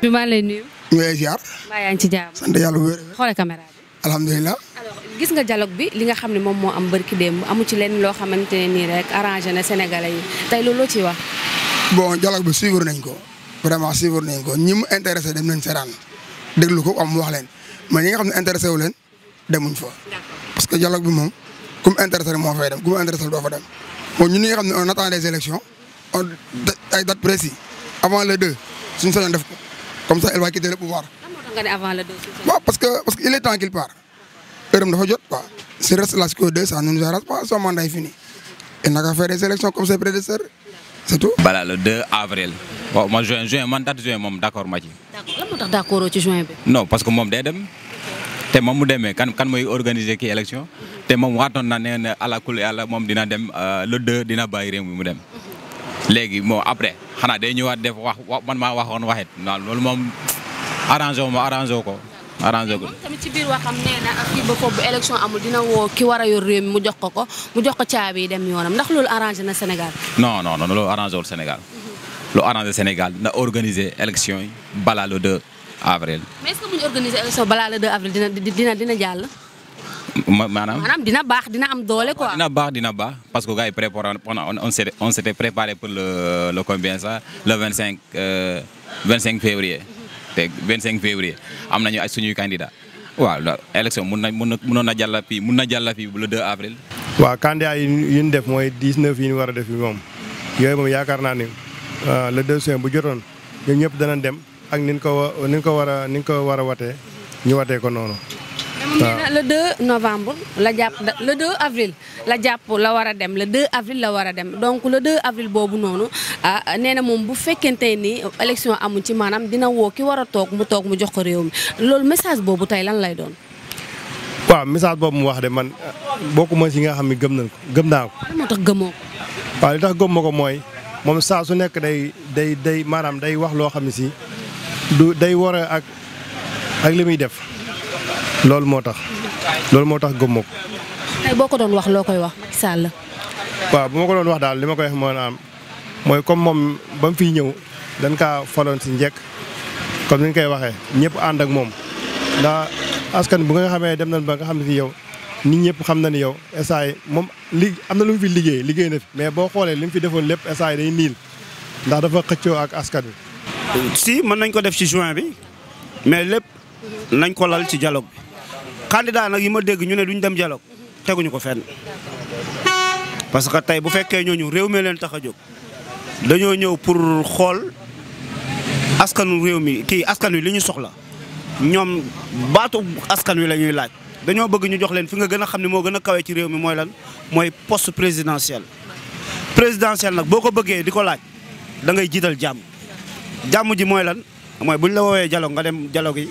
bi maa lay nuyu. ñu eh, lay ziar. mbaa yaa ci jàmm. sant ya, caméra bi. alors gis nga dialogue bi li nga xam ne moom am barki démb amu ci lenn loo xamante ne rek na sénégalais yi tey loolu loo wax. bon dialogue bi suivre nañ ko. vraiment suivre nañ ko ñi mu intéressé dem nañ seetaan déglu ko am wax leen mais ñi nga xam ne intéressé wu leen demuñ fa. parce que dialogue bi moom ku intéressé moo fay dem ku intéressé doo fa dem bon ñun ñi nga xam on attend les élections on ay date précis avant le deux suñu sañoon def ko. comme ça elle va quitter le pouvoir. waaw parce que parce qu'il est temps qu'il parte. heure am dafa jot quoi. si reste la SCO 2 ça ne nous arrête pas son mandat est fini. il n'a qu'à faire des élections comme ses prédécesseurs c'est tout. Voilà, le 2 avril. waaw moi, juin juin mandat date juin moom d'accord ma d'accord lan moo tax d'accord ci juin non parce que moi, je suis te Quand mu demee kan kan mooy organiser kii élection. te moom waatoon na ne ne euh, le 2 avril, je réew mi léegi bon après xanaa day ñëwaat def wax man maa waxoon waxit waaw loolu moom arrangé wu ma arrangé wu ko. arrangé ko tamit ci kii dina woo ki war a yor réew mu jox ko ko mu jox ko caabi yi dem yoonam ndax loolu arrangé na Sénégal. non non non loolu arrangé Sénégal. lu arrangé Sénégal na organiser élection yi balaa le avril. mais est-ce que bu ñu organiser élection avril dina dina Madame, Madame dina dina am quoi. dina parce que on s'était préparé pour le le combien ça le 25 euh, février. té 25 février candidat wa élection eu na candidat le 2 avril. wa candidat yi ñu def def euh, le 2 juin bu a dem ak a ko waaw le 2 novembre la jàpp le 2 avril la jàpp la war a dem le 2 avril la war a dem donc le 2 avril boobu noonu ah nee na moom bu fekkente ni élection amu ci maanaam dina woo ki war a toog mu toog mu jox ko réew mi loolu message boobu tey lan lay doon. waaw message boobu mu wax de man bokkuma si nga xam ne gëm na gëm naa ko. moo tax gëmoo ko. ko mooy moom saa su nekk day day day maanaam day wax loo xam ne si du day war a ak ak li muy def. loolu moo tax loolu moo tax gëm ma ko. tey boo ko doon wax loo koy wax Macky Sall. waaw bu ma ko doon wax daal li ma koy wax maanaam mooy comme moom ba mu fiy ñëw dañ kaa faloon si njëkk comme ni ñu koy waxee ñëpp ànd ak moom ndax askan bu nga xamee dem nañ ba nga xam ne si yow nit ñëpp xam na ni yow instant yi li am na lu mu fi liggéey liggéey na fi mais boo xoolee li mu fi defoon lépp instant yi day niil ndax dafa xëccoo ak askan wi. si mën nañ ko def ci juin bi mais lépp nañ ko lal ci dialogue candidat nag yi ma dégg ñu ne duñ dem dialogue teguñu ko fen parce que tey bu fekkee ñooñu réew mi leen tax a jóg dañoo ñëw pour xool askanu réew mi kii askan wi li ñu soxla ñoom baatu askan wi la ñuy laaj dañoo bëgg ñu jox leen fi nga gën a xam ni moo gën a kawe ci réew mi mooy lan mooy post présidentiel présidentiel nag boo ko bëggee di ko laaj dangay jiital jàmm jàmm ji mooy lan mooy buñ la woowee dialogue nga dem dialogue yi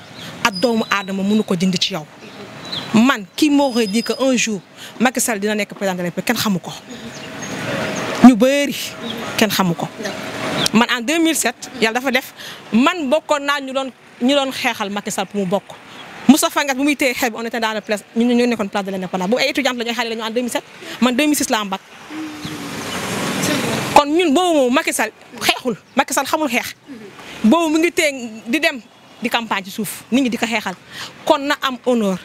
ak doomu aadama mënu ko dindi ci yow man kii m'aurait dit que un jour Macky Sall dina nekk président de la République kenn xamu ko ñu bëri kenn xamu ko. man en 2007 yàlla dafa def man bokkoon naa ñu doon ñu doon xeexal Macky Sall pour mu bokk Moustapha Niasse bu muy téye xeex bi on était dans la place ñu ñu nekkoon place de l'Indépendance bu ay étudiante la ñuy xale ñu ñun boobu moom Macky xeexul Macky Sall xamul xeex boobu mu ngi téye di dem. di campagne ci souf nit ñi di ko xéxal kon na am honneur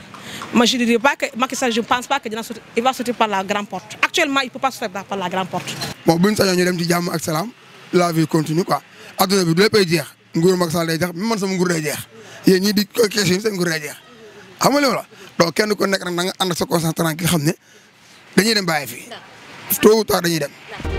ma je dirais pas que Macky Sall je pense pas que dina sortir il va sortir par la grande porte actuellement il peut pas sortir par la grande porte. bon bu sañu ñu dem ci jamm ak salam la vie continue quoi adduna bi léppay jeex nguur Macky Sall day jeex même man sama nguur day jeex yeen ñi di question sen nguur day jeex xam nga loolu donc kenn ko nek nag na nga and sa concentration ki xamne dañuy dem baye fi tout ou tard dañuy dem.